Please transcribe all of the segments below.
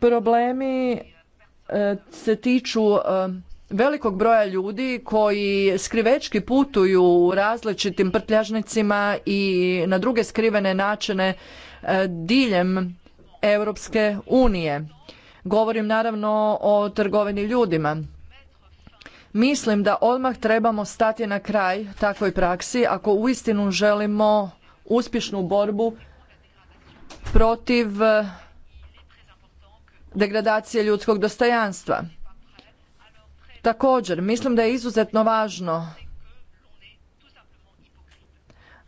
Problemi e, se tiču e, velikog broja ljudi koji skrivečki putuju u različitim prtljažnicima i na druge skrivene načine e, diljem Europske unije. Govorim naravno o trgovini ljudima. Mislim da odmah trebamo stati na kraj takvoj praksi ako uistinu želimo uspješnu borbu protiv degradacije ljudskog dostojanstva. Također, mislim da je izuzetno važno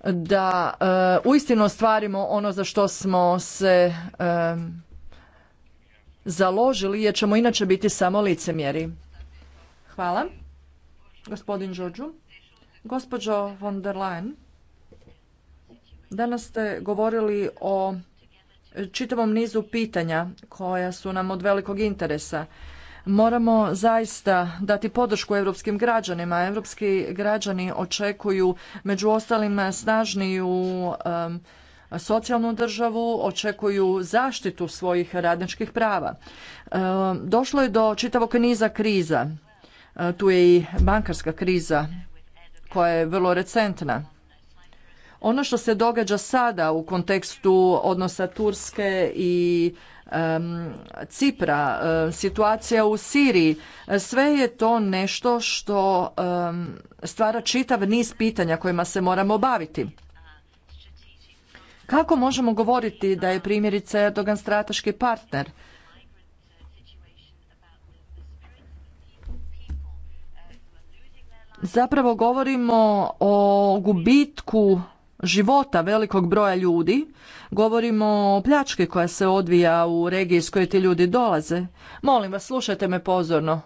da e, uistinu ostvarimo ono za što smo se e, založili jer ćemo inače biti samo licemjeri. Hvala. Gospodin Đođu. Gospođo von der Leyen, danas ste govorili o čitavom nizu pitanja koja su nam od velikog interesa. Moramo zaista dati podršku europskim građanima. Europski građani očekuju među ostalim snažniju socijalnu državu, očekuju zaštitu svojih radničkih prava. E, došlo je do čitavog niza kriza. E, tu je i bankarska kriza koja je vrlo recentna. Ono što se događa sada u kontekstu odnosa Turske i Cipra, situacija u Siriji, sve je to nešto što stvara čitav niz pitanja kojima se moramo baviti. Kako možemo govoriti da je primjerice Erdogan strateški partner? Zapravo govorimo o gubitku života velikog broja ljudi, govorimo o pljački koja se odvija u regiji iz koje ti ljudi dolaze. Molim vas, slušajte me pozorno.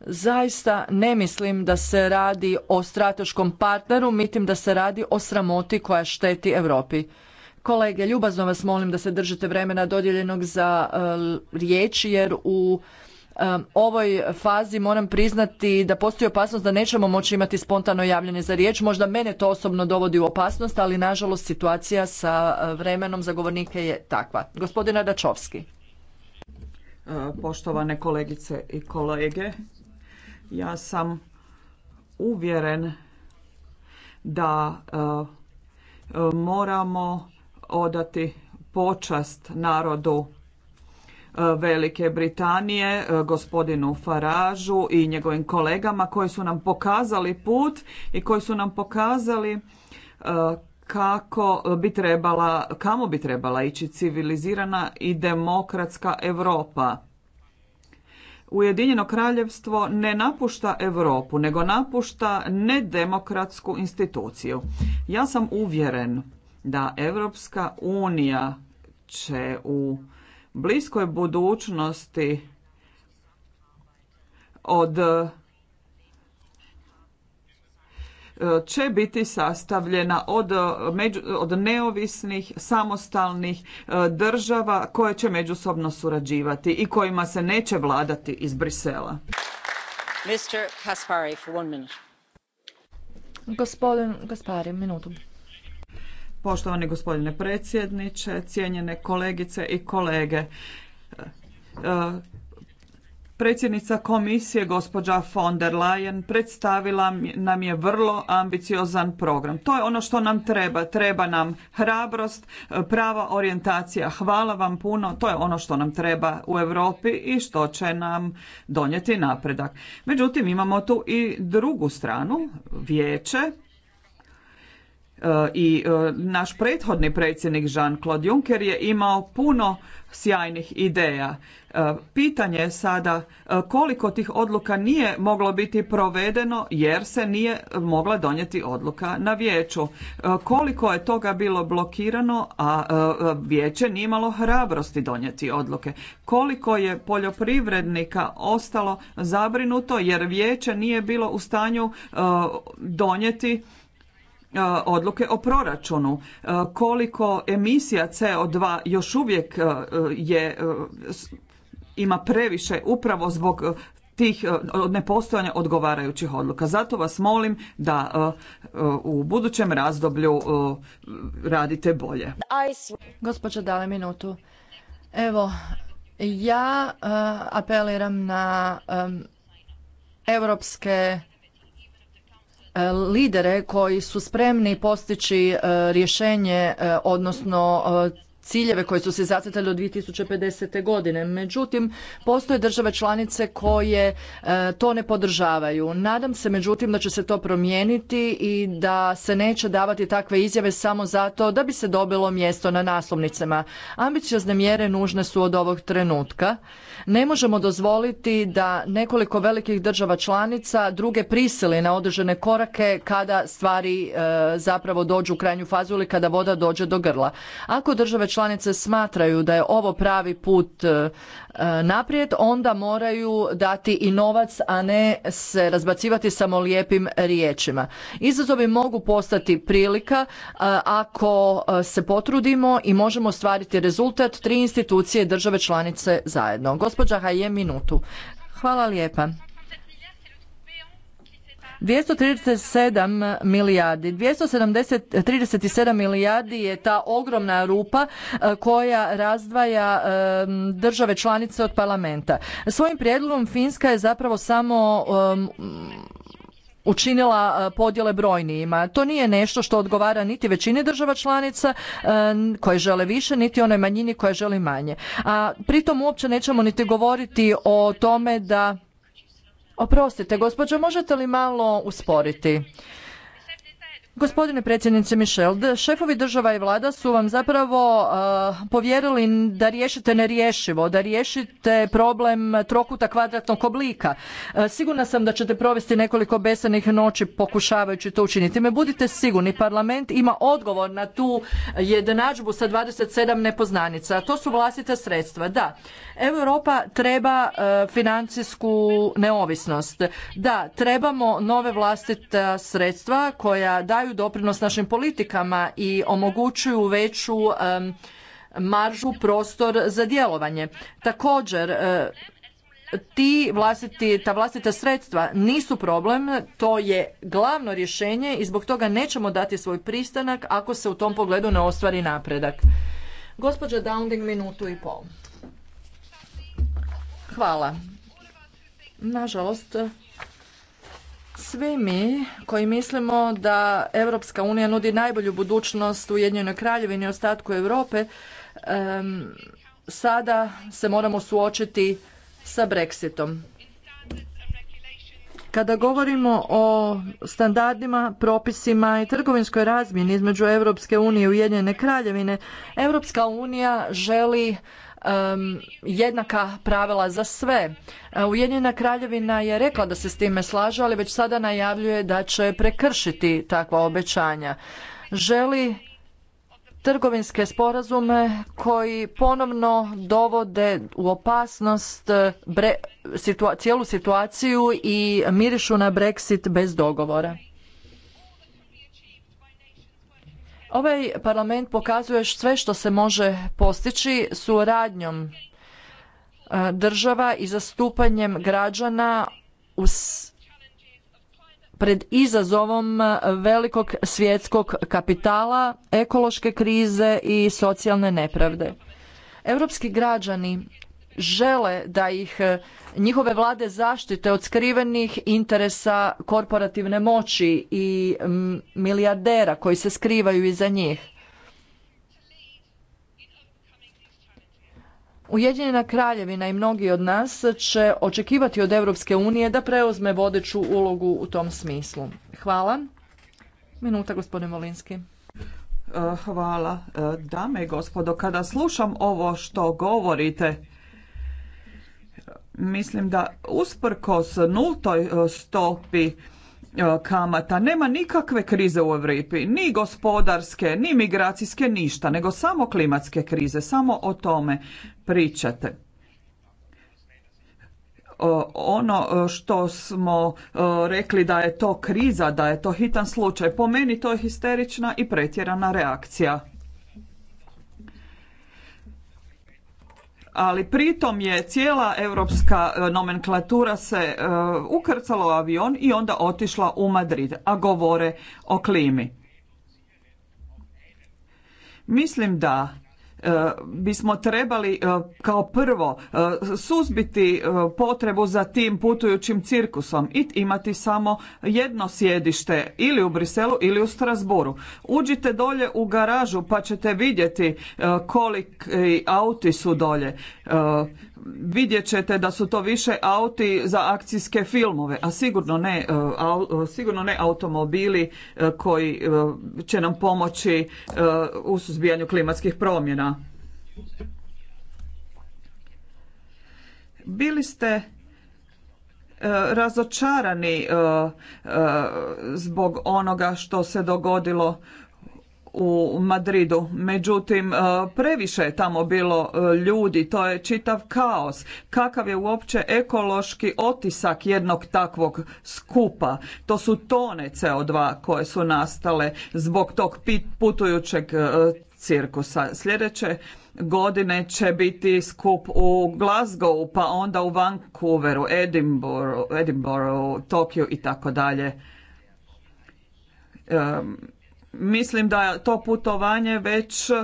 Zaista ne mislim da se radi o strateškom partneru, mitim da se radi o sramoti koja šteti Europi. Kolege, ljubazno vas molim da se držite vremena dodijeljenog za uh, e, riječ jer u ovoj fazi moram priznati da postoji opasnost da nećemo moći imati spontano javljanje za riječ. Možda mene to osobno dovodi u opasnost, ali nažalost situacija sa e, vremenom za govornike je takva. Gospodina Dačovski. E, poštovane kolegice i kolege, ja sam uvjeren da e, moramo odati počast narodu Velike Britanije, e, gospodinu Faražu i njegovim kolegama koji su nam pokazali put i koji su nam pokazali e, kako bi trebala, kamo bi trebala ići civilizirana i demokratska Europa. Ujedinjeno kraljevstvo ne napušta Europu, nego napušta nedemokratsku instituciju. Ja sam uvjeren da Europska unija će u bliskoj budućnosti od e, će biti sastavljena od, e, od neovisnih, samostalnih e, država koje će međusobno surađivati i kojima se neće vladati iz Brisela. Gospodin Poštovani gospodine predsjedniče, cijenjene kolegice i kolege. E, predsjednica komisije gospođa von der Leyen predstavila nam je vrlo ambiciozan program. To je ono što nam treba. Treba nam hrabrost, prava orijentacija. Hvala vam puno. To je ono što nam treba u Europi i što će nam donijeti napredak. Međutim, imamo tu i drugu stranu, vijeće E, I e, naš prethodni predsjednik Jean-Claude Juncker je imao puno sjajnih ideja. E, pitanje je sada koliko tih odluka nije moglo biti provedeno jer se nije mogla donijeti odluka na vijeću. Koliko je toga bilo blokirano, a vijeće nije imalo hrabrosti donijeti odluke. Koliko je poljoprivrednika ostalo zabrinuto jer vijeće nije bilo u stanju donijeti E, odluke o proračunu, e, koliko emisija CO2 još uvijek e, je ima previše upravo zbog tih nepostojanja odgovarajućih odluka. Zato vas molim da u budućem razdoblju radite bolje. Gospođa, dale minutu. Evo, ja apeliram na europske E, lidere koji su spremni postići e, rješenje, e, odnosno ciljeve koji su se zacrtali od 2050. godine. Međutim, postoje države članice koje e, to ne podržavaju. Nadam se međutim da će se to promijeniti i da se neće davati takve izjave samo zato da bi se dobilo mjesto na naslovnicama. Ambiciozne mjere nužne su od ovog trenutka. Ne možemo dozvoliti da nekoliko velikih država članica druge prisili na održene korake kada stvari e, zapravo dođu u krajnju fazu ili kada voda dođe do grla. Ako države članice članice smatraju da je ovo pravi put e, naprijed, onda moraju dati i novac, a ne se razbacivati samo lijepim riječima. Izazovi mogu postati prilika e, ako e, se potrudimo i možemo ostvariti rezultat tri institucije države članice zajedno. Gospođa Haje, minutu. Hvala lijepa. 237 milijardi, 237 milijardi je ta ogromna rupa e, koja razdvaja države članice od parlamenta. Svojim prijedlogom Finska je zapravo samo učinila e, podjele brojnijima. To nije nešto što odgovara niti većini država članica koje žele više, niti onoj manjini koja želi manje. A pritom uopće nećemo niti govoriti o tome da Oprostite, gospođo, možete li malo usporiti? Gospodine predsjednice Mišel, šefovi država i vlada su vam zapravo e, povjerili da riješite nerješivo, da riješite problem trokuta kvadratnog oblika. E, sigurna sam da ćete provesti nekoliko besanih noći pokušavajući to učiniti. Me budite sigurni, parlament ima odgovor na tu jednadžbu sa 27 nepoznanica. To su vlastite sredstva. Da, Europa treba e, financijsku neovisnost. Da, trebamo nove vlastite sredstva koja daju doprinos našim politikama i omogućuju veću maržu prostor za djelovanje. Također, e, ti vlastiti, ta vlastita sredstva nisu problem, to je glavno rješenje i zbog toga nećemo dati svoj pristanak ako se u tom pogledu ne ostvari napredak. Gospođa Downing, minutu i pol. Hvala. Nažalost, svi mi koji mislimo da Europska unija nudi najbolju budućnost Ujedinjenoj kraljevini i ostatku Europe, sada se moramo suočiti sa Brexitom. Kada govorimo o standardima, propisima i trgovinskoj razmjeni između Europske unije i Ujedinjene kraljevine, Europska unija želi um, jednaka pravila za sve. E, Ujedinjena kraljevina je rekla da se s time slaže, ali već sada najavljuje da će prekršiti takva obećanja. Želi trgovinske sporazume koji ponovno dovode u opasnost e, bre, cijelu situaciju i mirišu na Brexit bez dogovora. Ovaj parlament pokazuje sve što se može postići suradnjom e, država i zastupanjem građana pred izazovom e, velikog svjetskog kapitala, ekološke krize i socijalne nepravde. Europski građani žele da ih e, njihove vlade zaštite od skrivenih interesa korporativne moći i milijardera koji se skrivaju iza njih. Ujedinjena kraljevina i mnogi od nas će očekivati od Europske unije da preuzme vodeću ulogu u tom smislu. Hvala. Minuta, gospodin Molinski. E, hvala. E, dame i gospodo, kada slušam ovo što govorite, Mislim da usprkos nultoj e, stopi e, kamata nema nikakve krize u Evropi. ni gospodarske, ni migracijske, ništa, nego samo klimatske krize, samo o tome pričate e, ono što smo rekli da je to kriza, da je to hitan slučaj, po meni to je histerična i pretjerana reakcija. ali pritom je cijela europska e, nomenklatura se e, ukrcala u avion i onda otišla u Madrid, a govore o klimi. Mislim da E, bismo trebali e, kao prvo e, suzbiti potrebu za tim putujućim cirkusom i imati samo jedno sjedište ili u Briselu ili u Strasboru. Uđite dolje u garažu pa ćete vidjeti koliki auti su dolje vidjet ćete da su to više auti za akcijske filmove, a sigurno ne, e, e, sigurno ne automobili e, koji će nam pomoći u suzbijanju klimatskih promjena. Bili ste razočarani zbog onoga što se dogodilo u Madridu. Međutim, e, previše je tamo bilo e, ljudi, to je čitav kaos. Kakav je uopće ekološki otisak jednog takvog skupa? To su tone CO2 koje su nastale zbog tog putujućeg e, cirkusa. Sljedeće godine će biti skup u Glasgowu, pa onda u Vancouveru, Edinburghu, Edinburghu Tokiju i tako dalje. Mislim da to putovanje već e,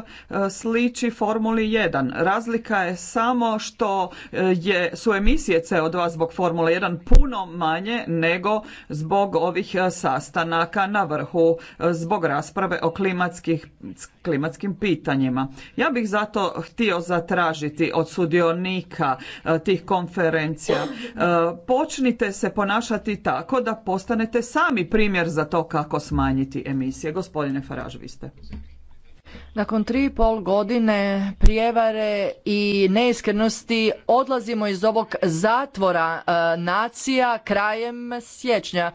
sliči Formuli 1. Razlika je samo što e, je, su emisije CO2 zbog Formule 1 puno manje nego zbog ovih e, sastanaka na vrhu, zbog rasprave o klimatskih, klimatskim pitanjima. Ja bih zato htio zatražiti od sudionika tih konferencija počnite se ponašati tako da postanete sami primjer za to kako smanjiti emisije. Gospodine Faraž, Nakon tri i pol godine prijevare i neiskrenosti odlazimo iz ovog zatvora e, nacija krajem siječnja.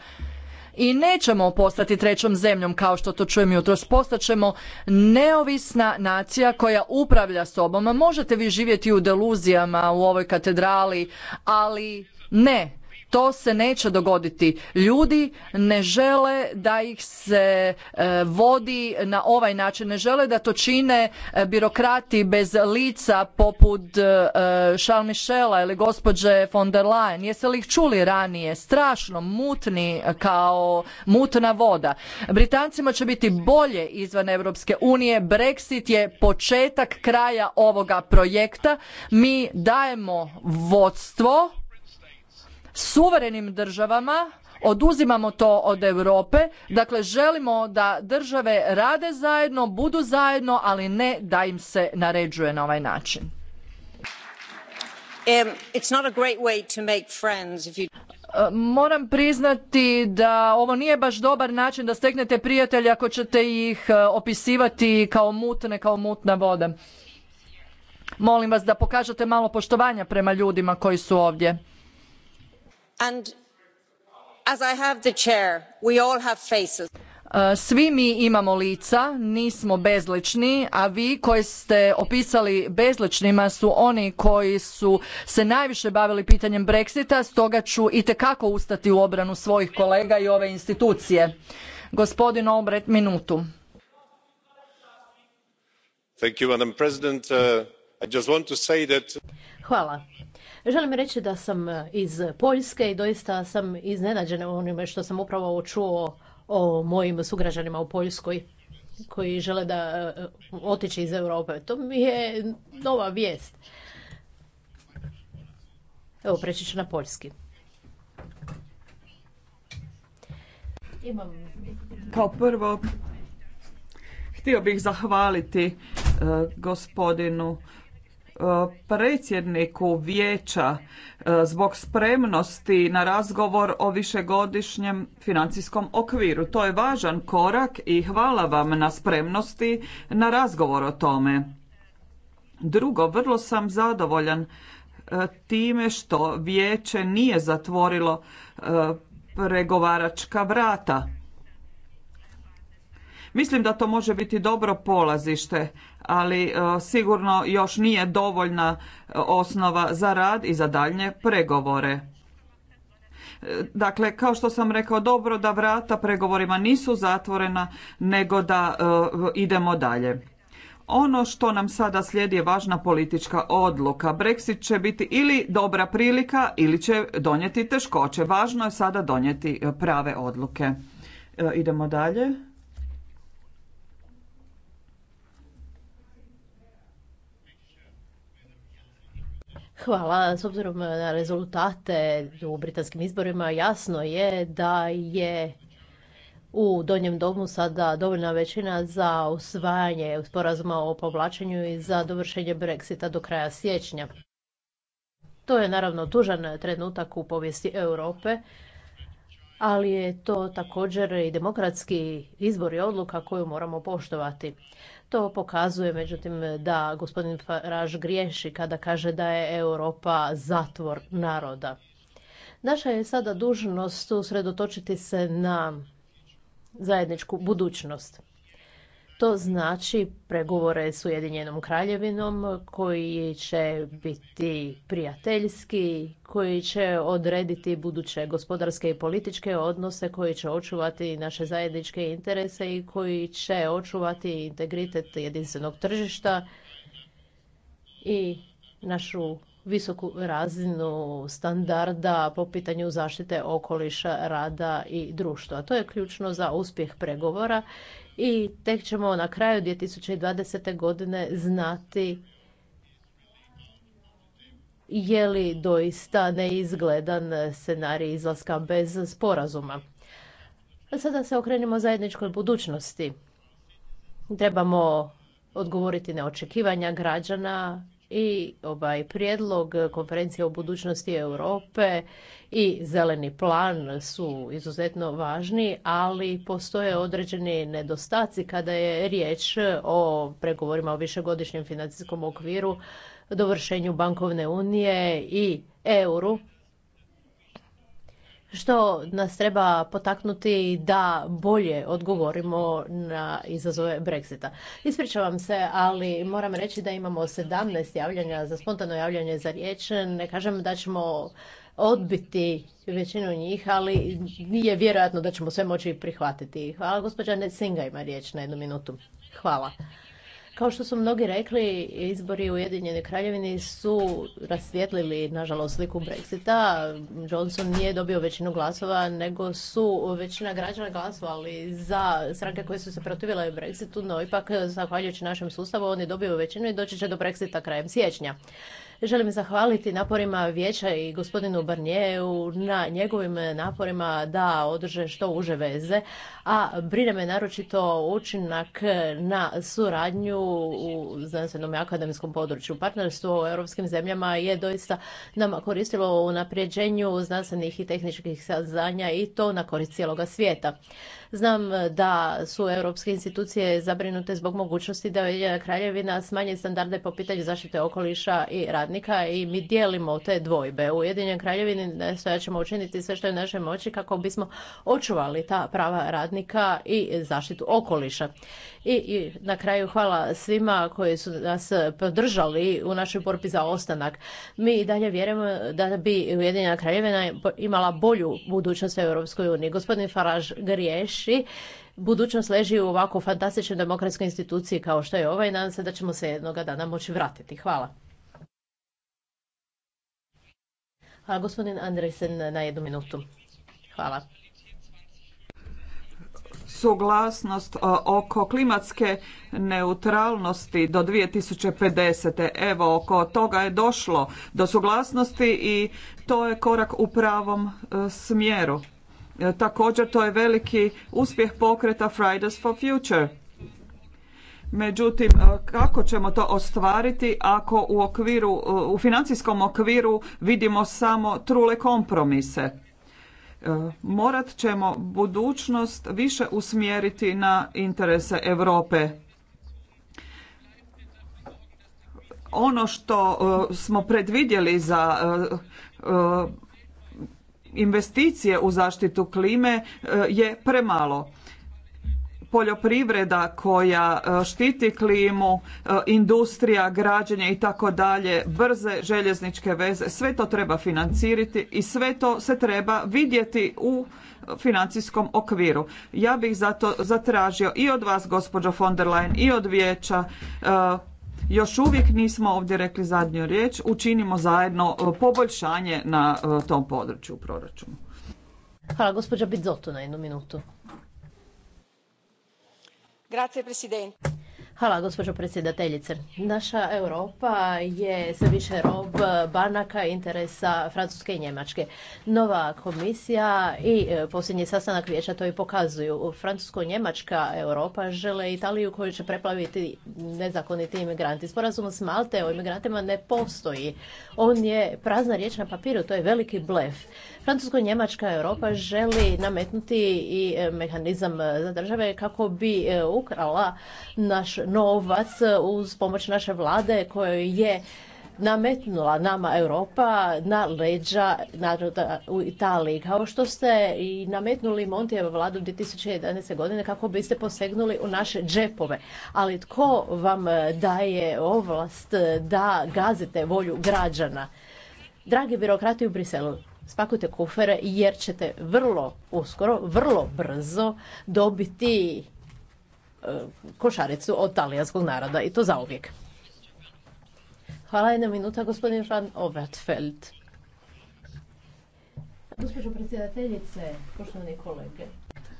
I nećemo postati trećom zemljom kao što to čujem jutros. Postaćemo neovisna nacija koja upravlja sobom. Možete vi živjeti u deluzijama u ovoj katedrali, ali ne, to se neće dogoditi. Ljudi ne žele da ih se e, vodi na ovaj način. Ne žele da to čine e, birokrati bez lica poput e, Charles Michela ili gospođe von der Leyen. Jeste li ih čuli ranije? Strašno mutni kao mutna voda. Britancima će biti bolje izvan Europske unije. Brexit je početak kraja ovoga projekta. Mi dajemo vodstvo suverenim državama oduzimamo to od Europe. Dakle, želimo da države rade zajedno, budu zajedno, ali ne da im se naređuje na ovaj način. Moram priznati da ovo nije baš dobar način da steknete prijatelje ako ćete ih uh, opisivati kao mutne, kao mutna voda. Molim vas da pokažete malo poštovanja prema ljudima koji su ovdje. Svi mi imamo lica, nismo bezlični, a vi koji ste opisali bezličnima su oni koji su se najviše bavili pitanjem Brexita, stoga ću i kako ustati u obranu svojih kolega i ove institucije. Gospodin Obret, minutu. Hvala. Želim reći da sam iz Poljske i doista sam iznenađena onime što sam upravo čuo o mojim sugrađanima u Poljskoj koji žele da e, otići iz Europe. To mi je nova vijest. Evo, preći ću na poljski. Kao prvo, htio bih zahvaliti e, gospodinu E, predsjedniku vijeća e, zbog spremnosti na razgovor o višegodišnjem financijskom okviru. To je važan korak i hvala vam na spremnosti na razgovor o tome. Drugo, vrlo sam zadovoljan e, time što vijeće nije zatvorilo pregovaračka vrata Mislim da to može biti dobro polazište, ali e, sigurno još nije dovoljna e, osnova za rad i za daljnje pregovore. Dakle, kao što sam rekao, dobro da vrata pregovorima nisu zatvorena, nego da e, idemo dalje. Ono što nam sada slijedi je važna politička odluka. Brexit će biti ili dobra prilika ili će donijeti teškoće. Važno je sada donijeti prave odluke. idemo dalje. Hvala. S obzirom e, na rezultate u britanskim izborima jasno je da je u Donjem domu sada dovoljna većina za usvajanje sporazuma o povlačenju i za dovršenje Brexita do kraja siječnja. To je naravno tužan trenutak u povijesti Europe, ali je to također i demokratski izbor i odluka koju moramo poštovati. To pokazuje, međutim, da gospodin Farage griješi kada kaže da je Europa zatvor naroda. Naša je sada dužnost usredotočiti se na zajedničku budućnost. To znači pregovore s Ujedinjenom kraljevinom koji će biti prijateljski, koji će odrediti buduće gospodarske i političke odnose, koji će očuvati naše zajedničke interese i koji će očuvati integritet jedinstvenog tržišta i našu visoku razinu standarda po pitanju zaštite okoliša, rada i društva. To je ključno za uspjeh pregovora i tek ćemo na kraju 2020. godine znati je li doista neizgledan scenarij izlaska bez sporazuma. Sada se okrenimo zajedničkoj budućnosti. Trebamo odgovoriti na očekivanja građana i ovaj prijedlog konferencije o budućnosti Europe i zeleni plan su izuzetno važni, ali postoje određeni nedostaci kada je riječ o pregovorima o višegodišnjem financijskom okviru, dovršenju bankovne unije i euru što nas treba potaknuti da bolje odgovorimo na izazove Brexita. Ispričavam se, ali moram reći da imamo 17 javljanja za spontano javljanje za riječ. Ne kažem da ćemo odbiti većinu njih, ali nije vjerojatno da ćemo sve moći prihvatiti. Hvala, gospođa Nesinga ima riječ na jednu minutu. Hvala. Kao što su mnogi rekli, izbori u Ujedinjenoj kraljevini su rasvjetlili, nažalost, sliku Brexita. Johnson nije dobio većinu glasova, nego su većina građana glasovali za stranke koje su se protivile Brexitu, no ipak, zahvaljujući našem sustavu, on je dobio većinu i doći će do Brexita krajem siječnja. Želim zahvaliti naporima vijeća i gospodinu Barnijevu na njegovim naporima da održe što uže veze, a brine me naročito učinak na suradnju u znanstvenom i akademskom području. Partnerstvo u europskim zemljama je doista nama koristilo u naprijeđenju znanstvenih i tehničkih saznanja i to na korist cijeloga svijeta. Znam e, da su europske institucije zabrinute zbog mogućnosti da je kraljevina smanje standarde po pitanju zaštite okoliša i radnika i mi dijelimo te dvojbe. U Ujedinjenoj kraljevini sve ćemo učiniti sve što je naše moći kako bismo očuvali ta prava radnika i zaštitu okoliša. I, na kraju hvala svima koji su nas podržali u našoj borbi za ostanak. Mi i dalje vjerujemo da bi Ujedinjena kraljevina imala bolju budućnost u Europskoj uniji. Gospodin Faraž Griješ, naši budućnost leži u ovako fantastičnoj demokratskoj instituciji kao što je ova i nadam se da ćemo se jednoga dana moći vratiti. Hvala. Hvala gospodin Andresen na jednu minutu. Hvala suglasnost e, oko klimatske neutralnosti do 2050. Evo, oko toga je došlo do suglasnosti i to je korak u pravom e, smjeru. E, također to je veliki uspjeh pokreta Fridays for Future. Međutim, e, kako ćemo to ostvariti ako u okviru, e, u financijskom okviru vidimo samo trule kompromise? Morat ćemo budućnost više usmjeriti na interese Europe. Ono što smo predvidjeli za investicije u zaštitu klime e, je premalo. Poljoprivreda koja e, štiti klimu, e, industrija, građenje i tako dalje, brze željezničke veze, sve to treba financirati i sve to se treba vidjeti u financijskom okviru. Ja bih zato zatražio i od vas, gospođo von der Leyen, i od vijeća još uvijek nismo ovdje rekli zadnju riječ, učinimo zajedno e, poboljšanje na e, tom području u proračunu. Hvala gospođa Bizotu na jednu minutu. Grazie, Presidente. Hvala, gospođo predsjedateljice. Naša Europa je sve više rob banaka interesa Francuske i Njemačke. Nova komisija i e, posljednji sastanak vijeća to i pokazuju. Francusko-Njemačka Europa žele Italiju koju će preplaviti nezakoniti imigranti. Sporazum s Malte o imigrantima ne postoji. On je prazna riječ na papiru, to je veliki blef. Francusko i Njemačka Europa želi nametnuti i e, mehanizam e, za države kako bi e, ukrala naš novac uz pomoć naše vlade kojoj je nametnula nama Europa na leđa naroda u Italiji, kao što ste i nametnuli Montijevo vladu 2011. godine kako biste posegnuli u naše džepove. Ali tko vam daje ovlast da gazite volju građana? Dragi birokrati u Briselu, spakujte kufere jer ćete vrlo uskoro, vrlo brzo dobiti e, košaricu od talijanskog naroda i to zauvijek. Hvala jedna minuta, gospodin Van Gospođo predsjedateljice, poštovani kolege.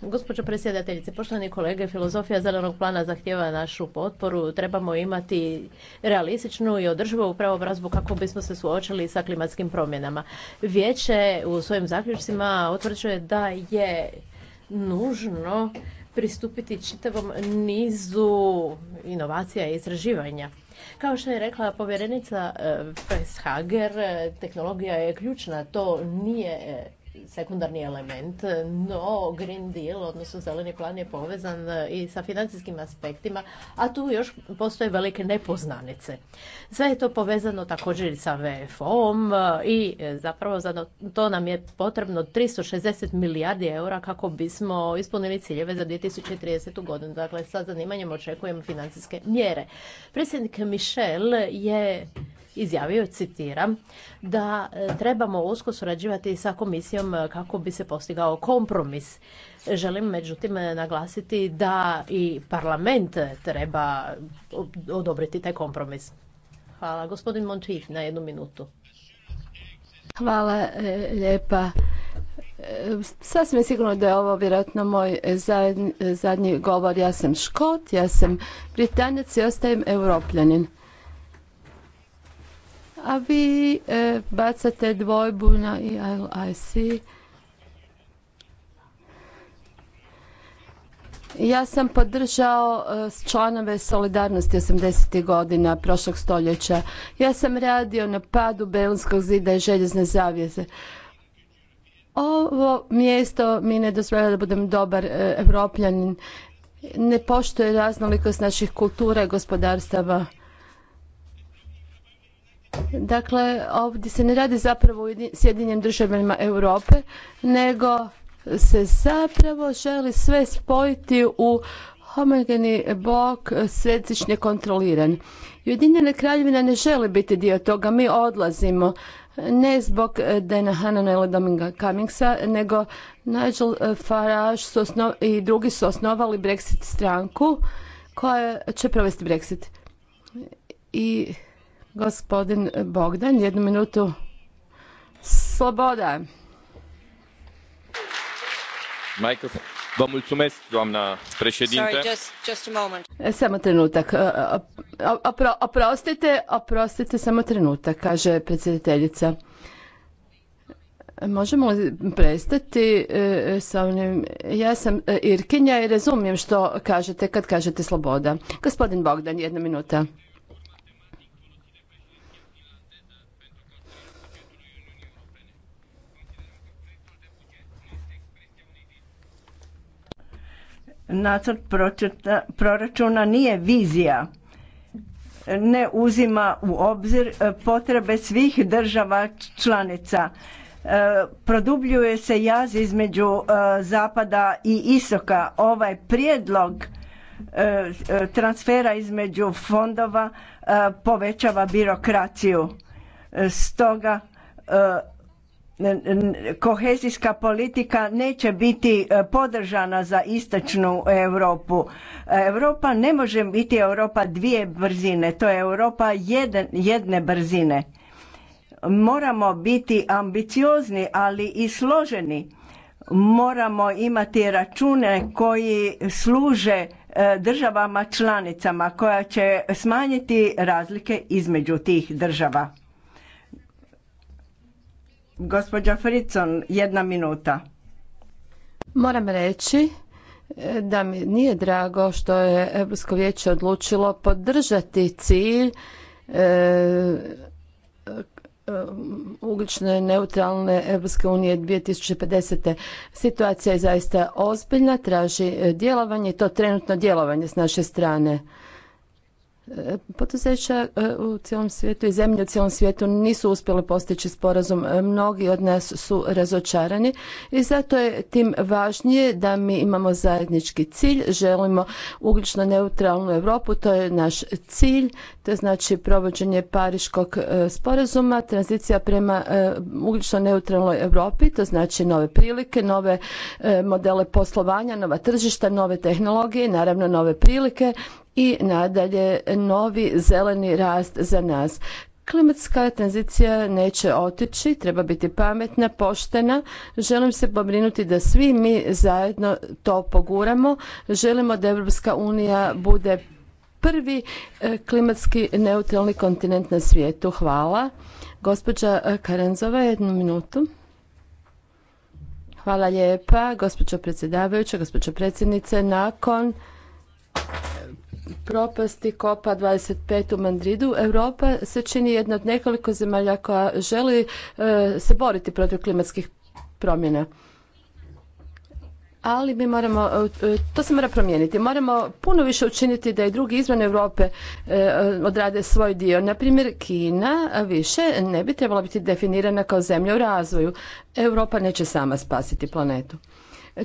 Gospođo predsjedateljice, poštovani kolege, filozofija zelenog plana zahtjeva našu potporu. Trebamo imati realističnu i održivu preobrazbu kako bismo se suočili sa klimatskim promjenama. Vijeće u svojim zaključcima utvrđuje da je nužno pristupiti čitavom nizu inovacija i istraživanja. Kao što je rekla povjerenica eh, Hager, eh, tehnologija je ključna, to nije eh, sekundarni element, no Green Deal, odnosno zeleni plan je povezan e, i sa financijskim aspektima, a tu još postoje velike nepoznanice. Sve je to povezano također i sa VFO-om i e, zapravo za to nam je potrebno 360 milijardi eura kako bismo ispunili ciljeve za 2030. godinu. Dakle, sa zanimanjem očekujem financijske mjere. Predsjednik Michel je izjavio, citiram, da e, trebamo usko surađivati sa komisijom kako bi se postigao kompromis. Želim međutim naglasiti da i parlament treba odobriti taj kompromis. Hvala. Gospodin Mončih na jednu minutu. Hvala e, lijepa. E, sasvim sigurno da je ovo vjerojatno moj zadnji govor. Ja sam Škot, ja sam britanac i ostajem Europljanin a vi e, bacate dvojbu na e ILIC. Ja sam podržao e, članove Solidarnosti 80. godina prošlog stoljeća. Ja sam radio na padu Berlinskog zida i željezne zavjeze. Ovo mjesto mi ne dozvoljava da budem dobar evropljanin. Ne poštuje raznolikost naših kultura i gospodarstava. Dakle, ovdje se ne radi zapravo o Sjedinjenim državama Europe, nego se zapravo želi sve spojiti u homogeni blok središnje kontroliran. Ujedinjena kraljevina ne želi biti dio toga, mi odlazimo ne zbog Dana Hanana ili Dominga Cummingsa, nego Nigel Farage i drugi su osnovali Brexit stranku koja će provesti Brexit. I Gospodin Bogdan, jednu minutu. Sloboda. E, samo trenutak. E, e, oprostite, oprostite, samo trenutak, kaže predsjedateljica. Možemo li prestati sa onim... Ja sam Irkinja i razumijem što kažete kad kažete sloboda. Gospodin Bogdan, jedna minuta. Nacrt proračuna nije vizija, ne uzima u obzir e, potrebe svih država članica. E, produbljuje se jaz između e, zapada i istoka. Ovaj prijedlog transfera između fondova povećava birokraciju. Stoga kohezijska politika neće biti e, podržana za istočnu Europu. Europa ne može biti Europa dvije brzine, to je Europa jedne, jedne brzine. Moramo biti ambiciozni, ali i složeni. Moramo imati račune koji služe e, državama članicama koja će smanjiti razlike između tih država. Gospođa Fricon, jedna minuta. Moram reći e, da mi nije drago što je Europsko vijeće odlučilo podržati cilj e, e ugljične neutralne Europske unije 2050. Situacija je zaista ozbiljna, traži e, djelovanje i to trenutno djelovanje s naše strane. Poduzeća e, u cijelom svijetu i zemlje u cijelom svijetu nisu uspjele postići sporazum. E, mnogi od nas su razočarani i zato je tim važnije da mi imamo zajednički cilj. Želimo ugljično neutralnu Europu, to je naš cilj. To znači provođenje Pariškog e, sporazuma, tranzicija prema ugljično neutralnoj Europi, to znači nove prilike, nove modele poslovanja, nova tržišta, nove tehnologije, naravno nove prilike i nadalje novi zeleni rast za nas. Klimatska tranzicija neće otići, treba biti pametna, poštena. Želim se pobrinuti da svi mi zajedno to poguramo. Želimo da Europska unija bude prvi e, klimatski neutralni kontinent na svijetu. Hvala. Gospođa e, Karenzova, jednu minutu. Hvala lijepa, gospođo predsjedavajuća, gospođo predsjednice. Nakon propasti Kopa 25 u Mandridu, Europa se čini jedna od nekoliko zemalja koja želi e, se boriti protiv klimatskih promjena. Ali mi moramo, e, to se mora promijeniti. Moramo puno više učiniti da i drugi izvan Europe e, odrade svoj dio. Na Kina više ne bi trebala biti definirana kao zemlja u razvoju. Europa neće sama spasiti planetu.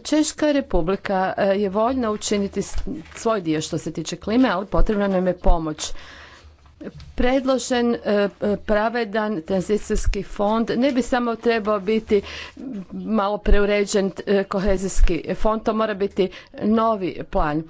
Češka republika e, je voljna učiniti svoj dio što se tiče klime, ali potrebna nam je pomoć. Predložen e, e, pravedan tranzicijski fond ne bi samo trebao biti malo preuređen kohezijski fond, to mora biti novi plan.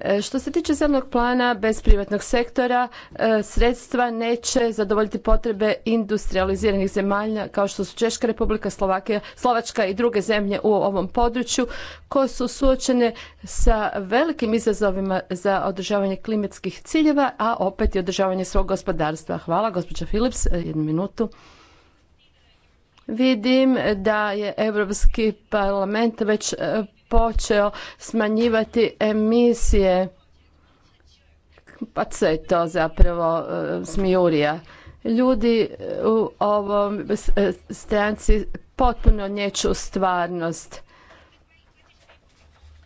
E, što se tiče zemljog plana bez privatnog sektora, e, sredstva neće zadovoljiti potrebe industrializiranih zemalja kao što su Češka republika, Slovakija, Slovačka i druge zemlje u ovom području koje su suočene sa velikim izazovima za održavanje klimatskih ciljeva, a opet i održavanje svog gospodarstva. Hvala, gospođa Philips, e, jednu minutu. Vidim da je Europski parlament već počeo smanjivati emisije pa je to zapravo e, smijurija. Ljudi e, u ovom e, stranci potpuno neču stvarnost.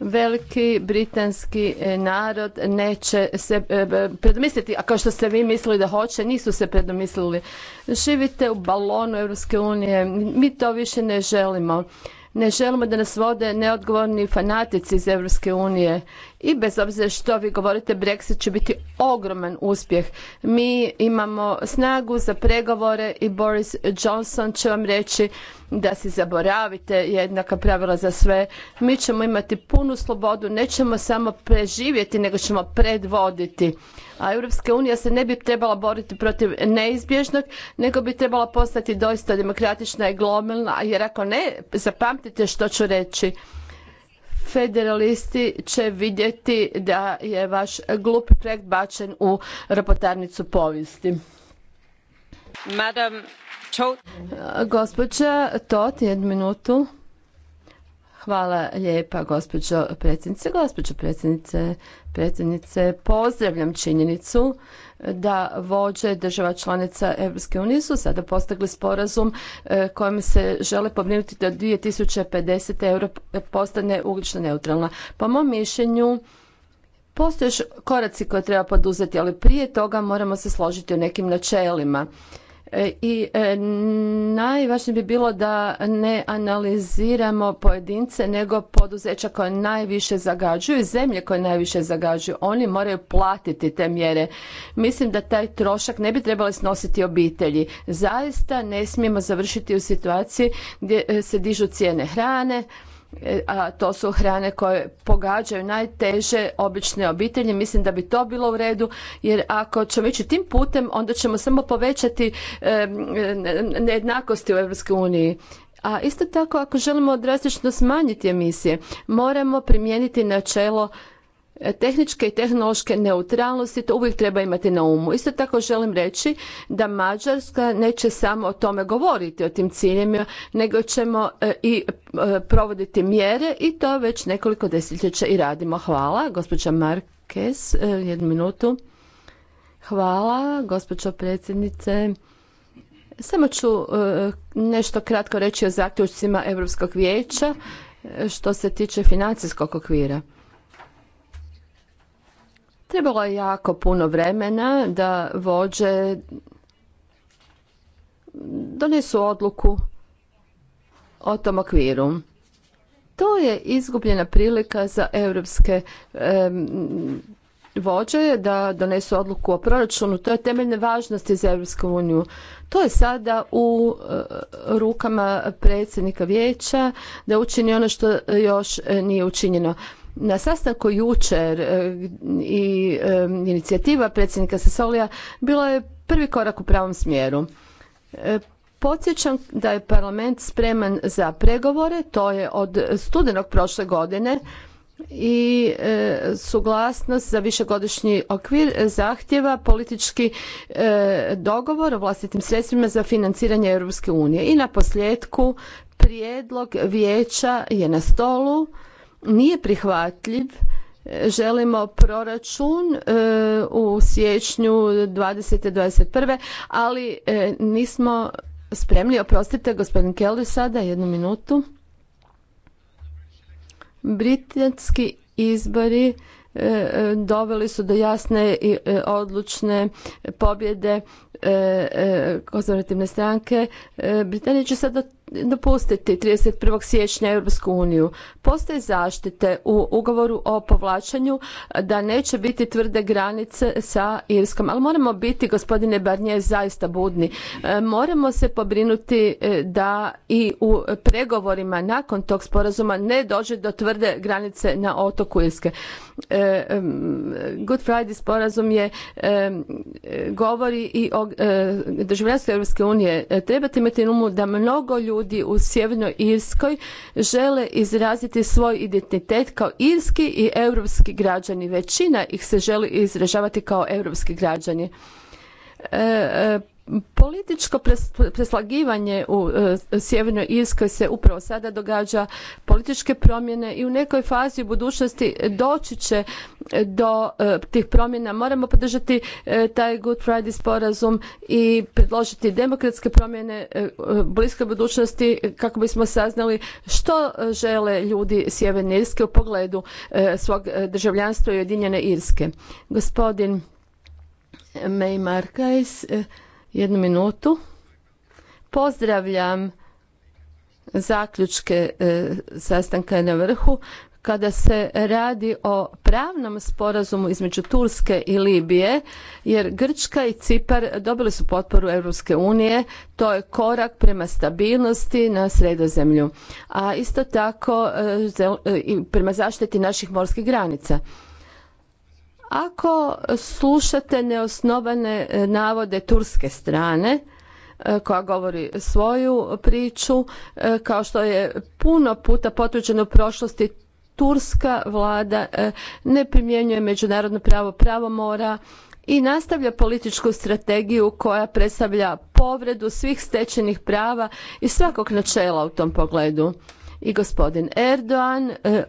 Veliki britanski narod neće se predomisliti, a kao što ste vi mislili da hoće, nisu se predomislili. Živite u balonu Europske unije, mi to više ne želimo. Ne želimo da nas vode neodgovorni fanatici iz Europske unije i bez obzira što vi govorite Brexit će biti ogroman uspjeh. Mi imamo snagu za pregovore i Boris Johnson će vam reći da si zaboravite jednaka pravila za sve. Mi ćemo imati punu slobodu, nećemo samo preživjeti, nego ćemo predvoditi. A Europska unija se ne bi trebala boriti protiv neizbježnog, nego bi trebala postati doista demokratična i globalna, jer ako ne, zapamtite što ću reći federalisti će vidjeti da je vaš glup projekt bačen u ropotarnicu povijesti. Madam Gospođa Tot, jednu minutu. Hvala lijepa gospođo predsjednice. Gospođo predsjednice, predsjednice, pozdravljam činjenicu da vođe država članica Europske unije su sada postigli sporazum e, kojim se žele pobrinuti da 2050. euro postane ugljično neutralna. Po mom mišljenju postoje još koraci koje treba poduzeti, ali prije toga moramo se složiti o nekim načelima. E, i e, najvažnije bi bilo da ne analiziramo pojedince nego poduzeća koja najviše zagađuju i zemlje koje najviše zagađuju. Oni moraju platiti te mjere. Mislim da taj trošak ne bi trebali snositi obitelji. Zaista ne smijemo završiti u situaciji gdje e, se dižu cijene hrane, E, a to su hrane koje pogađaju najteže obične obitelji. Mislim da bi to bilo u redu jer ako ćemo ići tim putem onda ćemo samo povećati nejednakosti u EU. A isto tako ako želimo drastično smanjiti emisije moramo primijeniti načelo tehničke i tehnološke neutralnosti, to uvijek treba imati na umu. Isto tako želim reći da Mađarska neće samo o tome govoriti, o tim ciljevima, nego ćemo e, i e, provoditi mjere i to već nekoliko desetljeća i radimo. Hvala, gospođa Markes, e, jednu minutu. Hvala, gospođo predsjednice. Samo ću nešto kratko reći o zaključcima Europskog vijeća što se tiče financijskog okvira. Trebalo je jako puno vremena da vođe donesu odluku o tom okviru. To je izgubljena prilika za europske vođe da donesu odluku o proračunu. To je temeljne važnosti za Europsku uniju. To je sada u e, rukama predsjednika vijeća da učini ono što još e, nije učinjeno. Na sastanku jučer e, i e, inicijativa predsjednika Sasolija bilo je prvi korak u pravom smjeru. E, podsjećam da je parlament spreman za pregovore, to je od studenog prošle godine i suglasnost za višegodišnji okvir zahtjeva politički dogovor o vlastitim sredstvima za financiranje Europske unije. I na posljedku prijedlog vijeća je na stolu nije prihvatljiv želimo proračun e, u siječnju 2021. ali e, nismo spremni. Oprostite, gospodin Kelly, sada jednu minutu. Britanski izbori e, doveli su do jasne i odlučne pobjede konzervativne stranke. Britanija će sada napustiti 31. siječnja Europsku uniju. Postoje zaštite u ugovoru o povlačenju eh, da neće biti tvrde granice sa Irskom, ali moramo biti, gospodine Barnje, zaista budni. Eh, moramo se pobrinuti eh, da i u pregovorima nakon tog sporazuma ne dođe do tvrde granice na otoku Irske. Good Friday sporazum je govori i o državljanstvu Europske unije. Trebate imati umu da mnogo ljudi ljudi u Sjevernoj Irskoj žele izraziti svoj identitet kao irski i europski građani. Većina ih se želi izražavati kao europski građani. E, e, Političko preslagivanje u e, Sjevernoj Irskoj se upravo sada događa, političke promjene i u nekoj fazi u budućnosti doći će do e, tih promjena. Moramo podržati e, taj Good Friday sporazum i predložiti demokratske promjene u bliskoj budućnosti kako bismo saznali što žele ljudi Sjeverne Irske u pogledu svog državljanstva i Ujedinjene Irske. Gospodin May Markais, jednu minutu. Pozdravljam zaključke sastanka e, sastanka na vrhu kada se radi o pravnom sporazumu između Turske i Libije, jer Grčka i Cipar dobili su potporu Europske unije, to je korak prema stabilnosti na sredozemlju, a isto tako e, e, prema zaštiti naših morskih granica. Ako slušate neosnovane e, navode turske strane, e, koja govori svoju priču, e, kao što je puno puta potvrđeno u prošlosti, turska vlada ne primjenjuje međunarodno pravo, pravo mora i nastavlja političku strategiju koja predstavlja povredu svih stečenih prava i svakog načela u tom pogledu i gospodin Erdogan, e,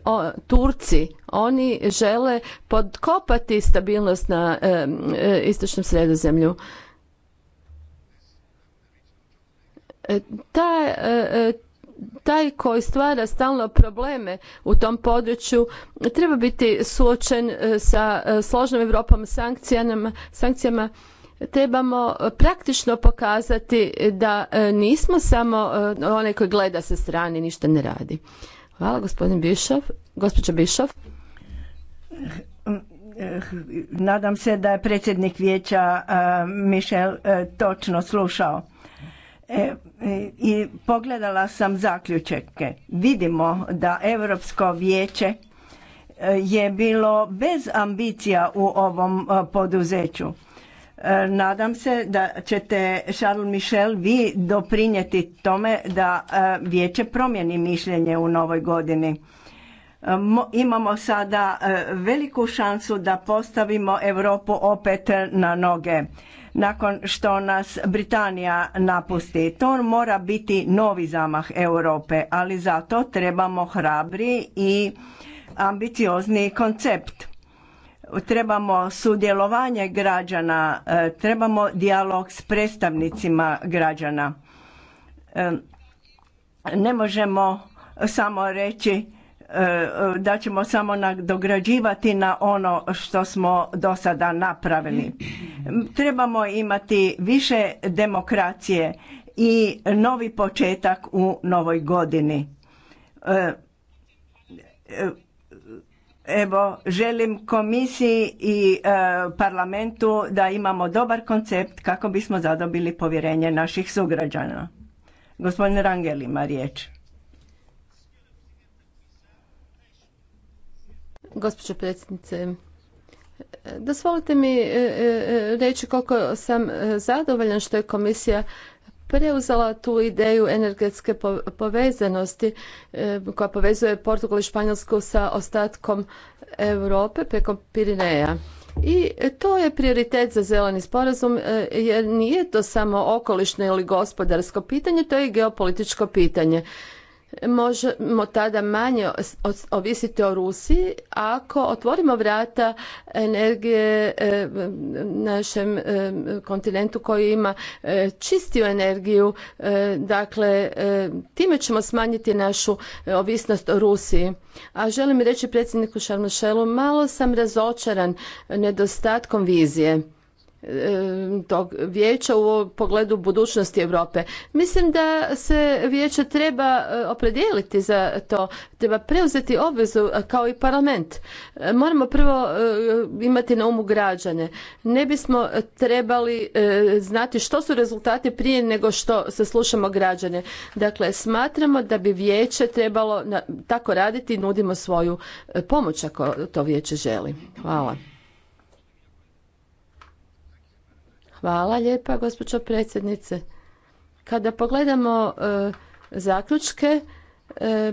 Turci, oni žele podkopati stabilnost na e, e, istočnom sredozemlju. taj koji stvara stalno probleme u tom području treba biti suočen sa složnom Europom sankcijama trebamo e, praktično pokazati da e, nismo samo e, onaj koji gleda sa strane ništa ne radi. Hvala gospodin Bišov, gospođa Bišov. Nadam se da je predsjednik vijeća Mišel točno slušao. I pogledala sam zaključke. Vidimo da Europsko vijeće je bilo bez ambicija u ovom poduzeću E, nadam se da ćete, Charles Michel, vi doprinijeti tome da e, vijeće promijeni mišljenje u novoj godini. E, imamo sada veliku šansu da postavimo Europu opet na noge nakon što nas Britanija napusti. To mora biti novi zamah Europe, ali zato trebamo hrabri i ambiciozni koncept trebamo sudjelovanje građana, e, trebamo dijalog s predstavnicima građana. E, ne možemo samo reći e, da ćemo samo dograđivati na ono što smo do sada napravili. Trebamo imati više demokracije i novi početak u novoj godini Evo, želim komisiji i e, parlamentu da imamo dobar koncept kako bismo zadobili povjerenje naših sugrađana. Gospodin Rangel ima riječ. Gospođo predsjednice, dozvolite mi e, e, reći koliko sam zadovoljan što je komisija preuzela tu ideju energetske povezanosti e, koja povezuje Portugal i Španjolsku sa ostatkom Europe preko Pirineja. I to je prioritet za zeleni sporazum e, jer nije to samo okolišno ili gospodarsko pitanje, to je i geopolitičko pitanje možemo tada manje ovisiti o Rusiji ako otvorimo vrata energije e, našem e, kontinentu koji ima e, čistiju energiju. Dakle, time ćemo smanjiti našu ovisnost o Rusiji. A želim reći predsjedniku Šarnošelu, malo sam razočaran nedostatkom vizije tog vijeća u pogledu budućnosti Europe. Mislim da se vijeće treba eh, opredijeliti za to, treba preuzeti obvezu eh, kao i parlament. Eh, moramo prvo imati na umu građane. Ne bismo trebali znati što su rezultati prije nego što se slušamo građane. Dakle, smatramo da bi vijeće trebalo tako raditi i nudimo svoju pomoć ako to vijeće želi. Hvala. Hvala lijepa, gospođo predsjednice. Kada pogledamo e, zaključke, e,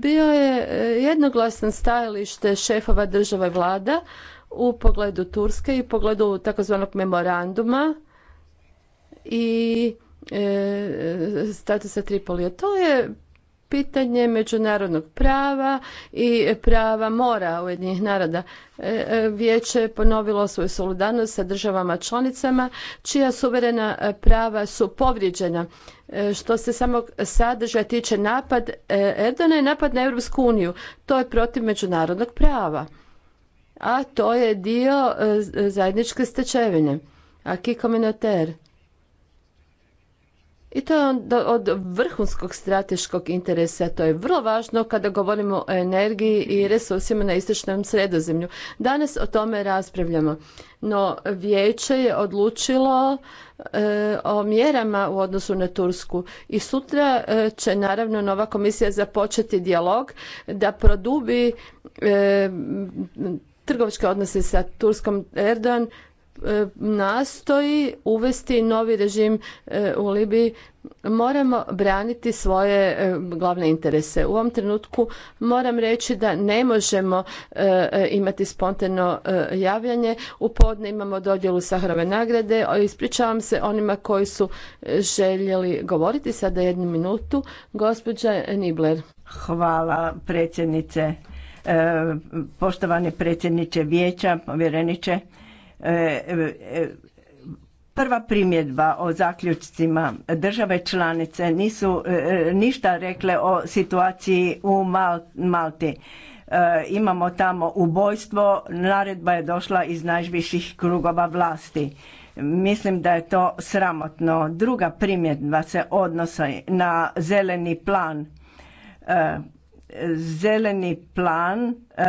bio je e, jednoglasno stajalište šefova država i vlada u pogledu Turske i u pogledu takozvanog memoranduma i statusa Tripolija. To je pitanje međunarodnog prava i prava mora Ujedinjenih naroda. E, e, Vijeće je ponovilo svoju solidarnost sa državama članicama čija suverena e, prava su povrijeđena. Što se samog sadržaja tiče napad Erdona je napad na Europsku uniju. To je protiv međunarodnog prava. A to je dio zajedničke stečevine. Aki kominoter. I to je od vrhunskog strateškog interesa. To je vrlo važno kada govorimo o energiji i resursima na istočnom sredozemlju. Danas o tome raspravljamo. No vijeće je odlučilo e, o mjerama u odnosu na Tursku i sutra e, će naravno nova komisija započeti dijalog da produbi e, trgovačke odnose sa Turskom Erdogan E, nastoji uvesti novi režim e, u Libiji, moramo braniti svoje e, glavne interese. U ovom trenutku moram reći da ne možemo imati spontano javljanje. U podne imamo dodjelu sahrove nagrade. Ispričavam se onima koji su željeli govoriti. Sada jednu minutu. Gospođa Nibler. Hvala predsjednice. Poštovani predsjedniče vijeća, povjereniče, E, e, e, prva primjedba o zaključcima države članice nisu ništa rekle o situaciji u Malti. Imamo tamo ubojstvo, naredba je došla iz najviših krugova vlasti. Mislim da je to sramotno. Druga primjedba se odnosi na zeleni plan zeleni plan e,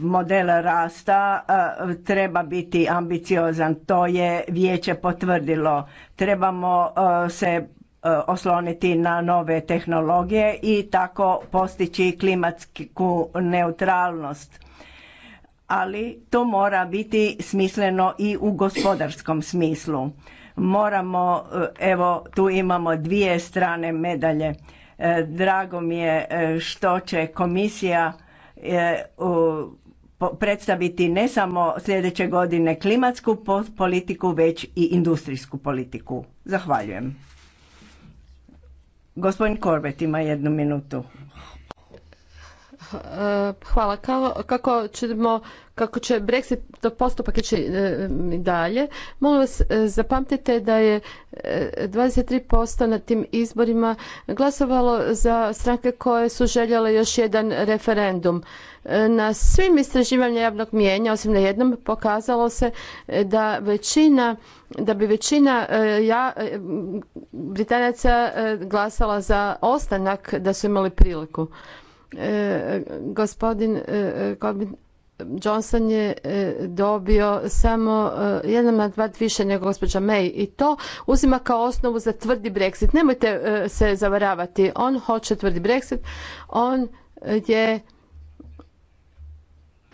modela rasta e, treba biti ambiciozan to je vijeće potvrdilo trebamo e, se osloniti na nove tehnologije i tako postići klimatsku neutralnost ali to mora biti smisleno i u gospodarskom smislu moramo evo tu imamo dvije strane medalje E, drago mi je e, što će komisija e, predstaviti ne samo sljedeće godine klimatsku politiku, već i industrijsku politiku. Zahvaljujem. Gospodin Korbet ima jednu minutu. Eh, hvala. Kako, ćemo, kako će Brexit postupak ići eh, dalje, molim vas eh, zapamtite da je 23% na tim izborima glasovalo za stranke koje su željele još jedan referendum. Na svim istraživanjima javnog mijenja, osim na jednom, pokazalo se da većina da bi većina ja, Britanaca glasala za ostanak da su imali priliku. E, gospodin e, Johnson je e, dobio samo jedan dva više nego gospođa May i to uzima kao osnovu za tvrdi Brexit. Nemojte se zavaravati, on hoće tvrdi Brexit, on je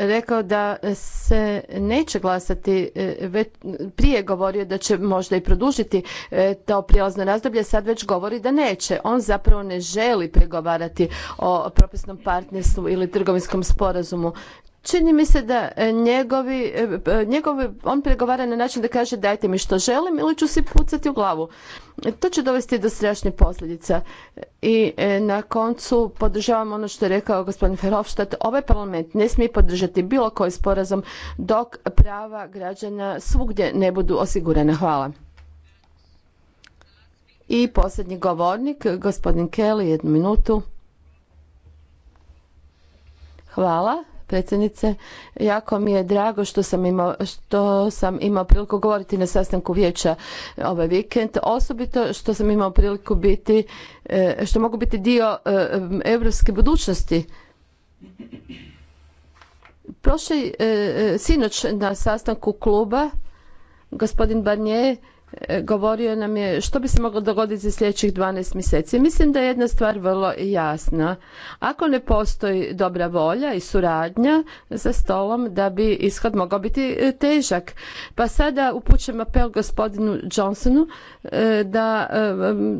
rekao da se neće glasati, e, već prije govorio da će možda i produžiti e, to prijelazno razdoblje, sad već govori da neće. On zapravo ne želi pregovarati o propisnom partnerstvu ili trgovinskom sporazumu. Čini mi se da e, njegovi, e, e, njegovi, on pregovara na način da kaže dajte mi što želim ili ću si pucati u glavu. To će dovesti do strašnih posljedica. I na koncu podržavam ono što je rekao gospodin Verhofstadt. Ovaj parlament ne smije podržati bilo koji sporazum dok prava građana svugdje ne budu osigurane. Hvala. I posljednji govornik, gospodin Kelly, jednu minutu. Hvala predsjednice. Jako mi je drago što sam imao, što sam imao priliku govoriti na sastanku vijeća ovaj vikend. Osobito što sam imao priliku biti, e, što mogu biti dio e, europske budućnosti. Prošli e, sinoć na sastanku kluba gospodin Barnier E, govorio nam je što bi se moglo dogoditi za sljedećih 12 mjeseci. Mislim da je jedna stvar vrlo jasna. Ako ne postoji dobra volja i suradnja za stolom da bi ishod mogao biti e, težak. Pa sada upućujem apel gospodinu Johnsonu e, da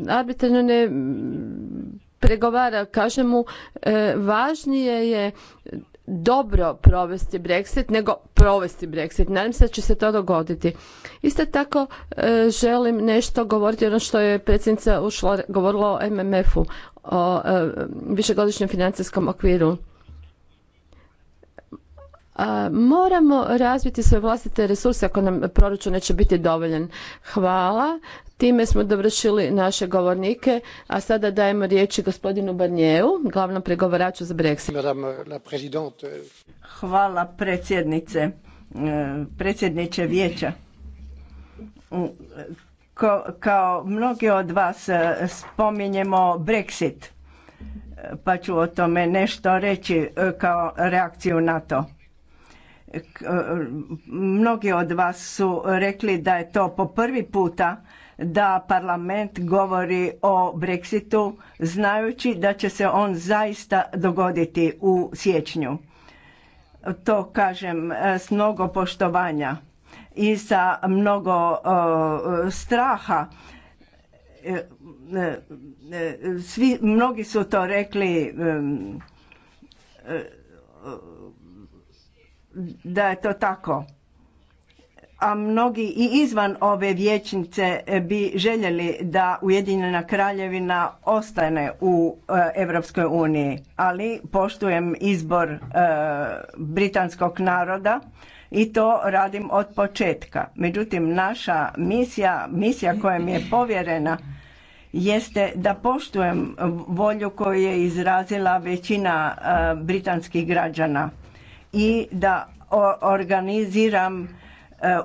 arbitrarno ne pregovara. Kažem mu važnije je dobro provesti Brexit, nego provesti Brexit. Nadam se da će se to dogoditi. Isto tako e, želim nešto govoriti ono što je predsjednica ušla govorila o MMF-u, o e, višegodišnjem financijskom okviru. Moramo razviti svoje vlastite resurse ako nam proračun neće biti dovoljan. Hvala. Time smo dovršili naše govornike, a sada dajemo riječi gospodinu Barnjevu, glavnom pregovaraču za Brexit. Hvala predsjednice, e, predsjedniče vijeća. Kao mnogi od vas e, spominjemo Brexit, e, pa ću o tome nešto reći kao reakciju na to Mnogi od vas su rekli da je to po prvi puta da parlament govori o Brexitu znajući da će se on zaista dogoditi u siječnju. To kažem e, s mnogo poštovanja i sa mnogo e, straha e, svi mnogi su to rekli da je to tako. A mnogi i izvan ove vijećnice eh, bi željeli da Ujedinjena kraljevina ostane u Europskoj eh, uniji, ali poštujem izbor eh, britanskog naroda i to radim od početka. Međutim, naša misija, misija koja mi je povjerena, jeste da poštujem volju koju je izrazila većina britanskih građana i da organiziram e,